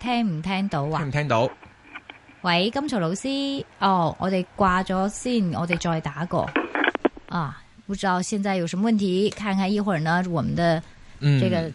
聽唔聽到啊？聽唔聽到？喂，金曹老師，哦，我哋掛咗先，我哋再打過啊。不知道現在有什麼問題？看看，一會兒呢，我們的這個。嗯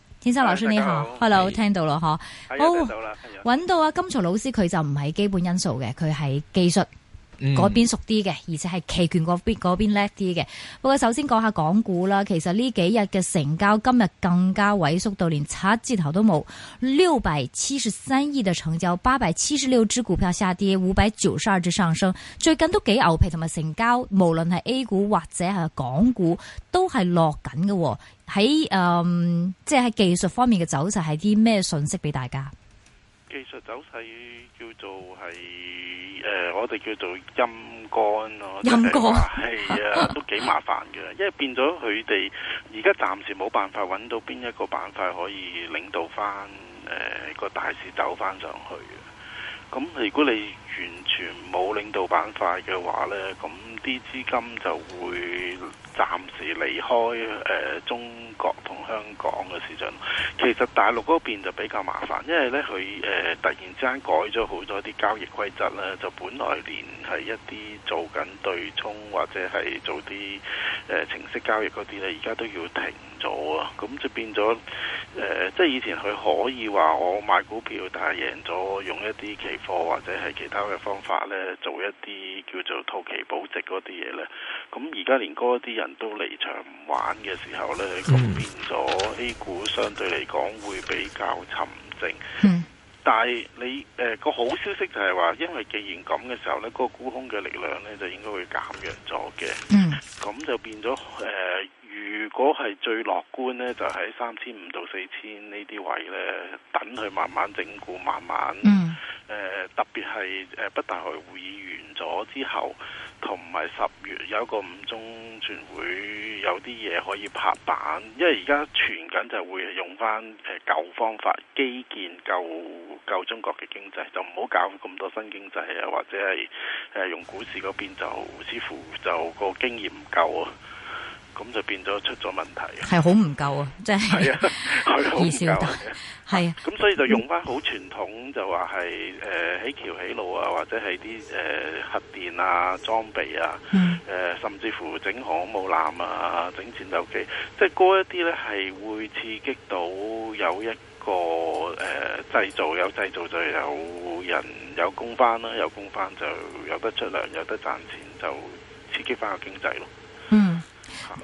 天生，老師你好，Hello，聽到咯，吓，好，揾到啊金曹老師，佢就唔係基本因素嘅，佢係技術。.嗰邊、嗯、熟啲嘅，而且係期權嗰邊邊叻啲嘅。不過首先講下港股啦，其實呢幾日嘅成交今日更加萎縮到連七字頭都冇，六百七十三億嘅成交，八百七十六隻股票下跌，五百九十二隻上升，最近都幾牛皮，同埋成交，無論係 A 股或者係港股都係落緊嘅。喺誒，即係喺技術方面嘅走勢係啲咩信息俾大家？技術走勢叫做係誒、呃，我哋叫做陰乾咯，陰乾係啊，都幾麻煩嘅，因為變咗佢哋而家暫時冇辦法揾到邊一個板塊可以領導翻誒、呃那個大市走翻上去嘅。咁如果你完全冇領導板塊嘅話咧，咁。啲資金就會暫時離開誒、呃、中國同香港嘅市場。其實大陸嗰邊就比較麻煩，因為呢，佢誒、呃、突然之間改咗好多啲交易規則呢就本來連係一啲做緊對沖或者係做啲誒、呃、程式交易嗰啲呢而家都要停咗啊！咁就變咗、呃、即係以前佢可以話我買股票，但係贏咗，用一啲期貨或者係其他嘅方法呢，做一啲叫做套期保值。嗰啲嘢呢，咁而家連嗰啲人都離場唔玩嘅時候呢，咁、嗯、變咗 A 股相對嚟講會比較沉靜。嗯、但係你誒、呃嗰個好消息就係話，因為既然咁嘅時候呢，嗰、嗰個沽空嘅力量呢，就應該會減弱咗嘅。嗯，咁就變咗誒、呃，如果係最樂觀在 3, 5, 4, 呢，就喺三千五到四千呢啲位呢，等佢慢慢整固，慢慢、嗯呃、特別係、呃、北大會會議完咗之後。同埋十月有一個五中全會有啲嘢可以拍板，因為而家傳緊就會用翻舊方法基建舊救，救中國嘅經濟，就唔好搞咁多新經濟啊，或者係用股市嗰邊就似乎就個經驗唔夠，夠啊，咁就變咗出咗問題，係好唔夠啊，即係。係啊， 係好唔夠係，咁所以就用翻好傳統，就話係誒起橋起路啊，或者係啲誒核電啊裝備啊、嗯呃，甚至乎整航母艦啊，整戰鬥機，即係一啲咧係會刺激到有一個誒、呃、製造，有製造就有人有工返啦，有工返、啊、就有得出糧，有得賺錢就刺激翻個經濟咯。嗯。.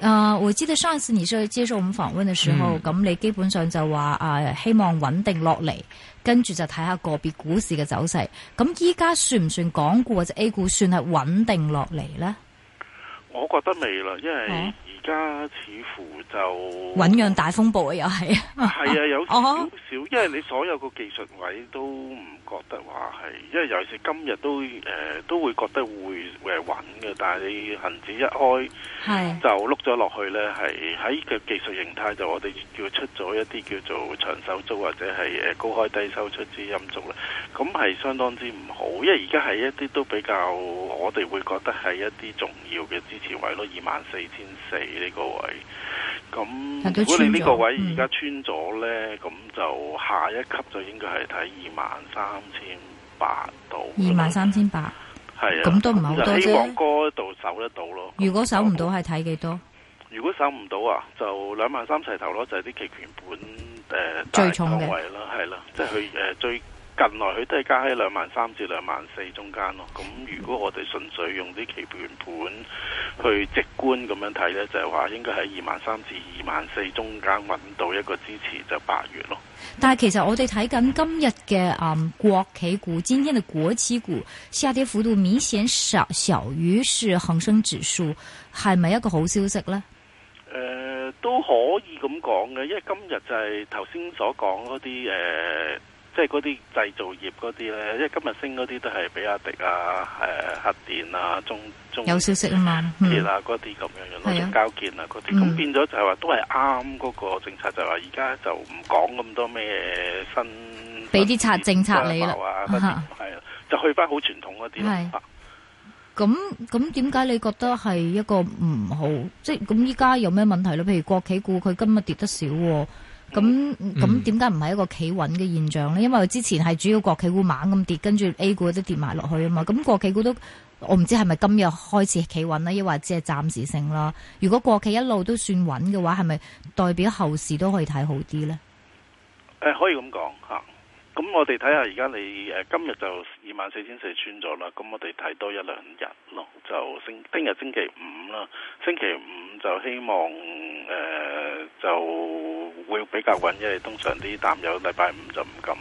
誒，uh, 我記得上一次你去接受我們訪問的時候，咁、嗯、你基本上就話、啊、希望穩定落嚟，跟住就睇下個別股市嘅走勢。咁依家算唔算港股或者 A 股算係穩定落嚟咧？我覺得未啦，因為而家似乎就醞釀大風暴啊，又係係啊，有少少，因為你所有個技術位都唔覺得話係，因為尤其是今日都誒、呃、都會覺得會誒穩嘅，但係你恆指一開，是就碌咗落去呢，係喺個技術形態就我哋叫出咗一啲叫做長手足或者係誒高開低收出之陰燭啦，咁係相當之唔好，因為而家係一啲都比較我哋會覺得係一啲重要嘅前位咯，二萬四千四呢個位。咁如果你呢個位而家穿咗咧，咁、嗯、就下一級就應該係睇二萬三千八到。二萬三千八，係啊，咁都唔係好多啫。度守得到咯。如果守唔到係睇幾多？如果守唔到、呃呃、啊，就兩萬三齊頭咯，就係啲期權本誒最重嘅位咯，係啦，即係佢誒追。近來佢都係加喺兩萬三至兩萬四中間咯，咁如果我哋純粹用啲期盤盤去直觀咁樣睇咧，就係、是、話應該喺二萬三至二萬四中間揾到一個支持就八月咯。但係其實我哋睇緊今日嘅誒國企股，今天嘅國企股下跌幅度明顯少少，於是恒生指數係咪一個好消息呢？誒、呃，都可以咁講嘅，因為今日就係頭先所講嗰啲誒。呃即係嗰啲製造業嗰啲咧，因為今日升嗰啲都係比亞迪啊、誒、啊、核電啊、中中有消息、嗯、啊、嗰啲咁樣嘅，或交建啊嗰啲，咁變咗就係話都係啱嗰個政策，就係話而家就唔講咁多咩新俾啲策政策你啦，係啊，就去翻好傳統嗰啲啊。咁咁點解你覺得係一個唔好？即係咁依家有咩問題咧？譬如國企股，佢今日跌得少、啊。咁咁點解唔係一個企穩嘅現象呢？因為之前係主要國企股猛咁跌，跟住 A 股都跌埋落去啊嘛。咁國企股都我唔知係咪今日開始企穩啦，抑或只係暫時性啦。如果國企一路都算穩嘅話，係咪代表後市都可以睇好啲呢？誒、呃，可以咁講吓。嗯咁我哋睇下，而家你誒今日就二萬四千四穿咗啦。咁我哋睇多一兩日咯，就星聽日星期五啦。星期五就希望、呃、就會比較穩，因為通常啲淡友禮拜五就唔敢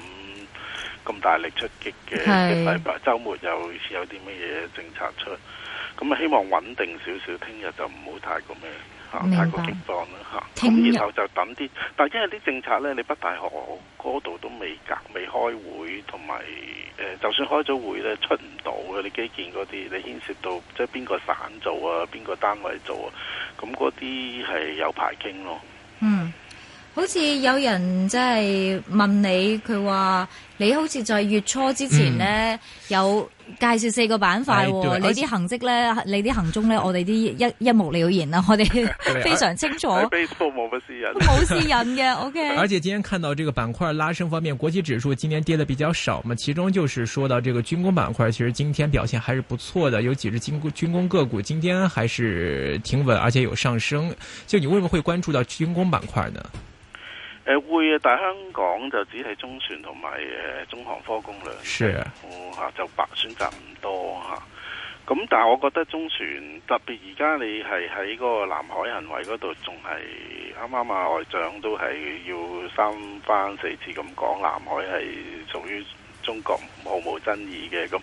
咁大力出擊嘅，禮拜周末又好似有啲乜嘢政策出，咁啊希望穩定少少。聽日就唔好太過咩。啊，白太過激進啦！吓日，咁、啊、然後就等啲，但係因為啲政策咧，你北大河嗰度、那個、都未隔未開會，同埋誒，就算開咗會咧，出唔到嘅，你基建嗰啲，你牽涉到即係邊個省做啊，邊個單位做啊，咁嗰啲係有排傾咯。嗯，好似有人即係問你，佢話你好似就係月初之前咧、嗯、有。介紹四個板塊，哦，哎、你啲行跡呢？且你啲行蹤呢？我哋啲一一目了然啦，啊，我哋非常清楚。Facebook 冇乜私隱，冇私隱嘅。OK。哎、而且今天看到這個板塊拉升方面，國企指數今天跌得比較少嘛，其中就是說到這個軍工板塊，其實今天表現還是不錯的，有幾隻軍工軍工個股今天還是挺穩，而且有上升。就你為什麼會關注到軍工板塊呢？誒會啊，但香港就只係中船同埋誒中航科工兩隻，哦、啊嗯、就白選擇唔多嚇。咁、嗯、但係我覺得中船特別而家你係喺嗰個南海行為嗰度，仲係啱啱啊外長都係要三番四次咁講南海係屬於。中國毫無爭議嘅咁，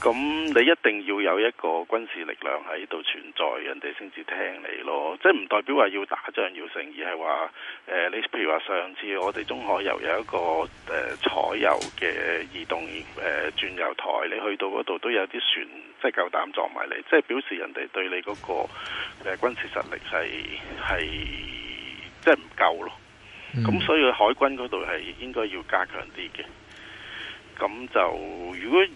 咁你一定要有一個軍事力量喺度存在，人哋先至聽你咯。即係唔代表話要打仗要勝，而係話誒，你譬如話上次我哋中海油有一個誒、呃、採油嘅移動誒、呃、轉油台，你去到嗰度都有啲船，即係夠膽撞埋嚟，即係表示人哋對你嗰、那個誒、呃、軍事實力係係即係唔夠咯。咁、嗯、所以海軍嗰度係應該要加強啲嘅。咁就如果誒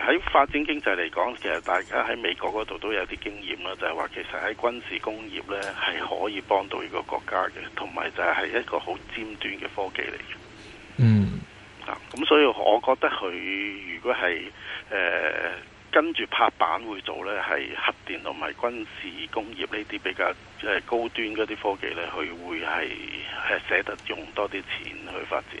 喺、呃、發展經濟嚟講，其實大家喺美國嗰度都有啲經驗啦，就係、是、話其實喺軍事工業咧係可以幫到呢個國家嘅，同埋就係一個好尖端嘅科技嚟嘅。嗯、咁、啊、所以我覺得佢如果係誒、呃、跟住拍板會做咧，係核電同埋軍事工業呢啲比較誒高端嗰啲科技咧，佢會係係捨得用多啲錢去發展。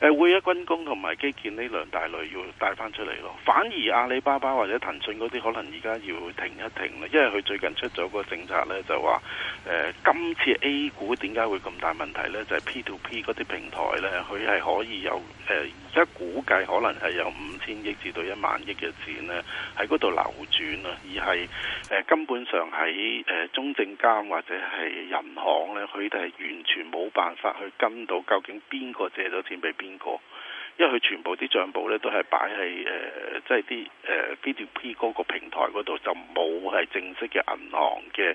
誒會一軍工同埋基建呢兩大類要帶翻出嚟咯，反而阿里巴巴或者騰訊嗰啲可能而家要停一停啦，因為佢最近出咗個政策咧，就話誒今次 A 股點解會咁大問題咧？就係 P2P 嗰啲平台咧，佢係可以有誒而家估計可能係由五千億至到一萬億嘅錢咧喺嗰度流轉啊，而係誒根本上喺中證監或者係銀行咧，佢哋係完全冇辦法去跟到究竟邊個借咗錢俾邊？因為佢全部啲賬簿咧都係擺喺誒，即係啲誒 P2P 嗰個平台嗰度，就冇係正式嘅銀行嘅誒、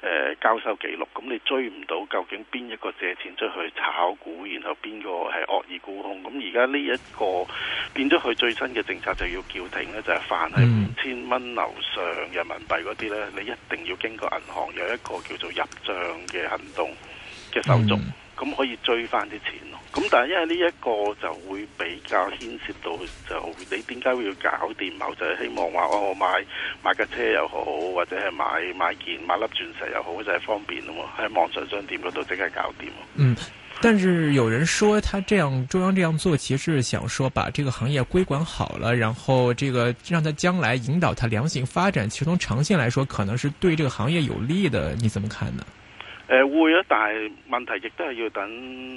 呃、交收記錄，咁你追唔到究竟邊一個借錢出去炒股，然後邊個係惡意沽空，咁而家呢一個，個變咗佢最新嘅政策就要叫停咧，就係、是、凡係五千蚊樓上人民幣嗰啲咧，你一定要經過銀行有一個叫做入賬嘅行動。嘅手續，咁、嗯、可以追翻啲錢咯。咁但係因為呢一個就會比較牽涉到就，就你點解要搞掂某就係希望話我買買架車又好，或者係買買件買粒鑽石又好，就係、是、方便啊嘛。喺網上商店嗰度即刻搞掂。嗯，但是有人說，他這樣中央這樣做，其實想說把這個行業規管好了，然後這個讓他將來引導他良性發展，其實從長線來說，可能是對這個行業有利的。你怎麼看呢？誒、呃，會啊！但係問題亦都係要等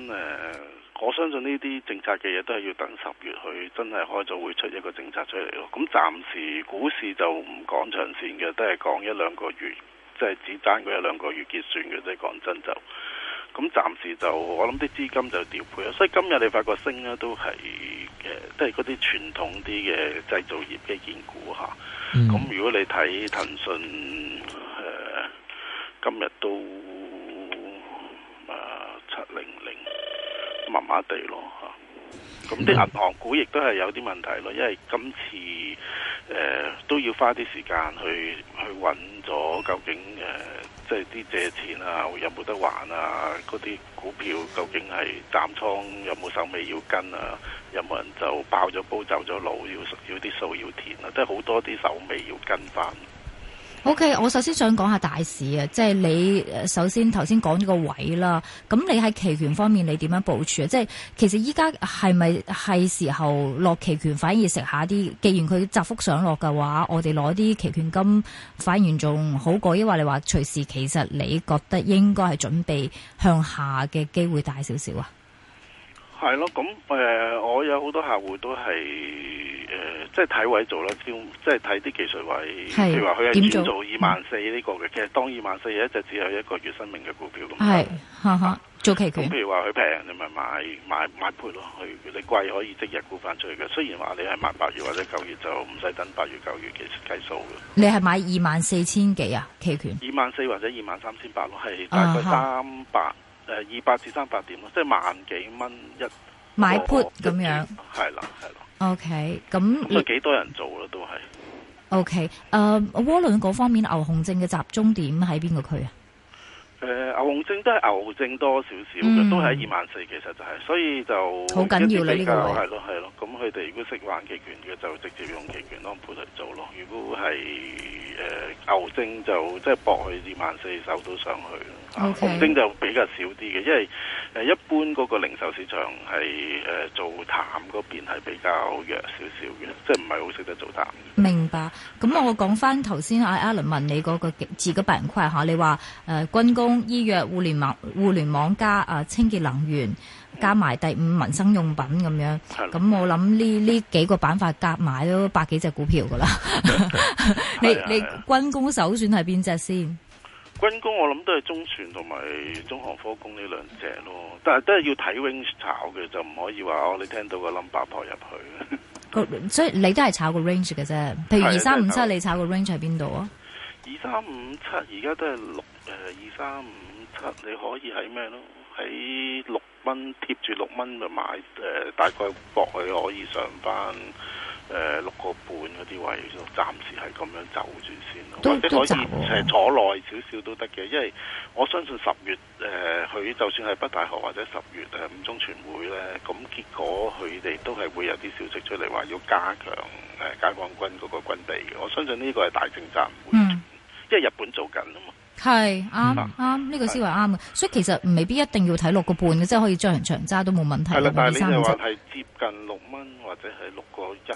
誒、呃，我相信呢啲政策嘅嘢都係要等十月去真係開咗會，出一個政策出嚟咯。咁暫時股市就唔講長線嘅，都係講一兩個月，即、就、係、是、只單嗰一兩個月結算嘅啫。講真就，咁暫時就我諗啲資金就調配啊。所以今日你發覺升咧都係誒，都係嗰啲傳統啲嘅製造業嘅建股吓。咁、嗯啊、如果你睇騰訊誒，今日都。七零零，麻麻地咯嚇。咁啲銀行股亦都係有啲問題咯，因為今次誒、呃、都要花啲時間去去揾咗究竟誒，即係啲借錢啊，有冇得還啊？嗰啲股票究竟係斬倉有冇手尾要跟啊？有冇人就爆咗煲走咗路，要要啲數要填啊？即係好多啲手尾要跟翻。OK，我首先想講下大市啊，即係你首先頭先講呢個位啦。咁你喺期權方面，你點樣部署啊？即係其實依家係咪係時候落期權，反而食下啲？既然佢窄幅上落嘅話，我哋攞啲期權金，反而仲好過。抑或你話隨時，其實你覺得應該係準備向下嘅機會大少少啊？係咯，咁、呃、我有好多客戶都係。誒、呃，即係睇位做啦，即係睇啲技術位，譬如話佢係做二萬四呢個嘅，嗯、其實當二萬四一就只有一個月生命嘅股票咁。係，啊啊、做期權。譬如話佢平，你咪買買買 put 咯，佢你貴可以即日沽翻出去嘅。雖然話你係買八月或者九月就唔使等八月九月嘅計數嘅。你係買二萬四千幾啊？期權二萬四或者二萬三千八咯，係大概三百誒，二百至三百點咯，即係萬幾蚊一個。買 put 咁樣，係啦，係啦。O K，咁佢幾多人做咯？都係 O K，誒，渦輪嗰方面牛熊證嘅集中點喺邊個區啊？誒、呃，牛熊證都係牛證多少少嘅，嗯、都係二萬四，其實就係、是，所以就好緊要啦呢個係咯係咯，咁佢哋如果識玩期權嘅，就直接用期權安盤嚟做咯；嗯、如果係誒、呃、牛證，就即係搏去二萬四，守到上去。紅丁就比較少啲嘅，因為誒一般嗰個零售市場係誒、呃、做淡嗰邊係比較弱少少嘅，即係唔係好識得做淡。明白。咁我講翻頭先阿 Alan 問你嗰個幾個板塊吓，你話誒、呃、軍工、醫藥、互聯網、互聯網加啊清潔能源，加埋第五民生用品咁樣。咁、嗯、我諗呢呢幾個板塊夾埋都百幾隻股票噶啦。 你 的你，你軍工首選係邊隻先？軍工我諗都係中船同埋中航科工呢兩隻咯，但係都係要睇 range 炒嘅，就唔可以話哦，你聽到個 number 入去。那 所以你都係炒個 range 嘅啫，譬如二三五七你炒個 range 喺邊度啊？二三五七而家都係六誒，二三五七你可以喺咩咯？喺六蚊貼住六蚊就買誒、呃，大概博佢可以上返誒、呃、六個半嗰啲位，暫時係咁樣走住先都或者可以、啊、坐耐少少都得嘅，因為我相信十月誒佢、呃、就算係北戴河或者十月五、呃、中全會咧，咁結果佢哋都係會有啲消息出嚟話要加強誒、呃、解放軍嗰個軍備嘅，我相信呢個係大政策唔、嗯、因為日本做緊啊嘛，係啱啱呢個思維啱嘅，所以其實未必一定要睇六個半嘅，即係的可以將人長揸都冇問題係的但係你又話係接近六蚊或者係六個一，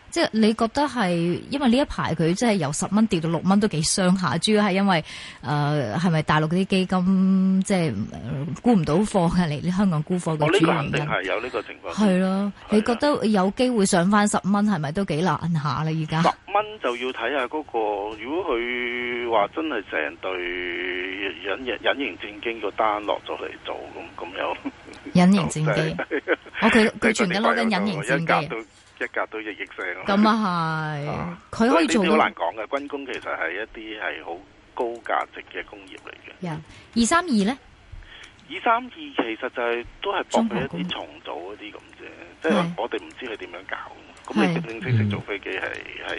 即係你覺得係，因為呢一排佢即係由十蚊跌到六蚊都幾傷下，主要係因為誒係咪大陸嗰啲基金即係沽唔到貨嘅嚟？香港沽貨嘅主要、哦呢個、情況係咯，啊啊、你覺得有機會上翻十蚊係咪都幾難下咧？而家十蚊就要睇下嗰、嗰個，如果佢話真係成隊隱隱形戰機個單落咗嚟做咁咁樣隱形戰機，我佢佢全緊攞緊隱形戰機。一格都日日升咯，咁啊，係，佢可以做。呢好難講嘅，軍工其實係一啲係好高價值嘅工業嚟嘅。二三二咧，二三二其實就係、是、都係博佢一啲重組啲咁啫，即係我哋唔知佢點樣搞。咁、嗯、你正正式式做飛機係係誒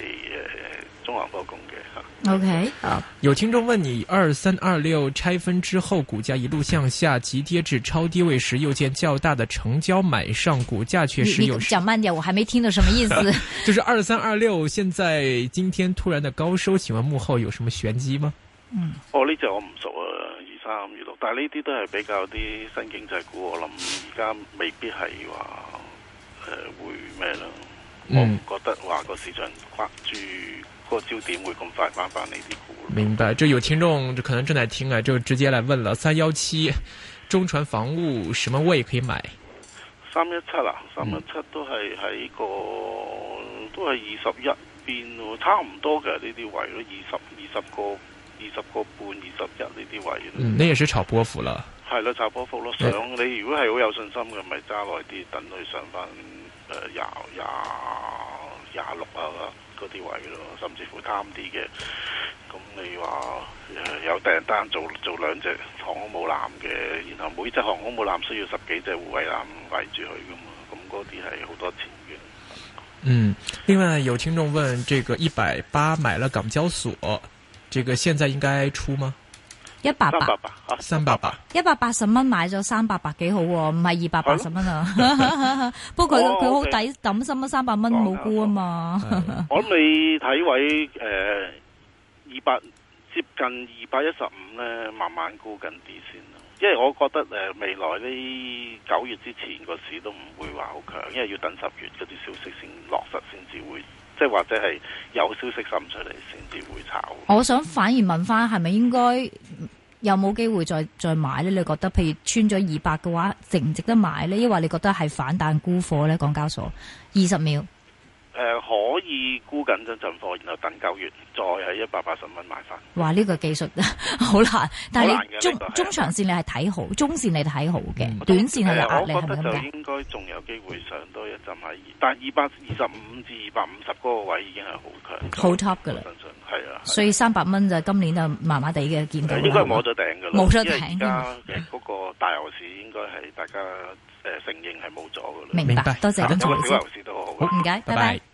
中環嗰個工嘅吓。O Okay . K，啊，有聽眾問你二三二六拆分之後股價一路向下，急跌至超低位時，又見較大的成交買上股價，確實有。你你講慢點，我還沒聽到。什麼意思？ 就是二三二六，現在今天突然的高收，請問幕後有什麼玄機嗎？嗯，哦這個、我呢隻我唔熟啊，二三二六，但係呢啲都係比較啲新經濟股，我諗而家未必係話誒會咩咯。我唔覺得話個市場掛住個焦點會咁快翻翻嚟啲股。明白，就有聽眾可能正在聽啊，就直接嚟問啦。三一七、中船防務，什麼位可以買？三一七啊，三一七、嗯、都係喺個都係二十一邊咯，差唔多嘅呢啲位咯，二十二十個二十個半二十一呢啲位。你係去炒波幅啦？係啦，炒波幅咯。上、嗯、你如果係好有信心嘅，咪揸耐啲，等佢上翻。廿廿廿六啊，嗰啲位咯，甚至乎貪啲嘅，咁你話有訂單做做兩隻航空母艦嘅，然後每隻航空母艦需要十幾隻護衛艦圍住佢噶嘛，咁嗰啲係好多錢嘅。嗯，另外有聽眾問，這個一百八買了港交所，這個現在應該出嗎？一百八，三百八，吓三百八，一百八十蚊買咗三百八幾好喎，唔係二百八十蚊啊。不過佢佢好抵抌心，三百蚊冇沽啊嘛。 我諗你睇位誒，二、呃、百接近二百一十五咧，慢慢沽緊啲先啦。因為我覺得誒、呃，未來呢九月之前個市都唔會話好強，因為要等十月嗰啲消息先落實，先至會。即或者係有消息滲出嚟先至會炒。我想反而問翻，係咪應該有冇機會再再買咧？你覺得譬如穿咗二百嘅話值唔值得買咧？抑或你覺得係反彈沽貨咧？港交所二十秒。誒、呃，可以沽緊一陣貨，然後等九月再係一百八十蚊買翻。話呢、這個技術好難，但係中中長線你係睇好，中線你睇好嘅，的短線係壓力，係咪嘅。我覺得就應該仲有機會上多一陣係，但係二百二十五至二百五十嗰個位已經係好強，好 top 噶啦係啊。所以三百蚊就今年就麻麻地嘅見到。應該摸咗頂噶啦冇咗頂。而家嗰個大牛市應該係大家。誒，聲音係冇咗噶啦，明白，明白。多謝大家，啊，各位都好，好，唔該，拜拜。拜拜。